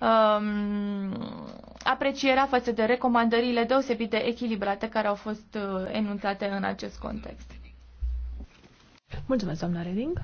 um, aprecierea față de recomandările deosebite echilibrate care au fost uh, enunțate în acest context. Mulțumesc, doamna Reding.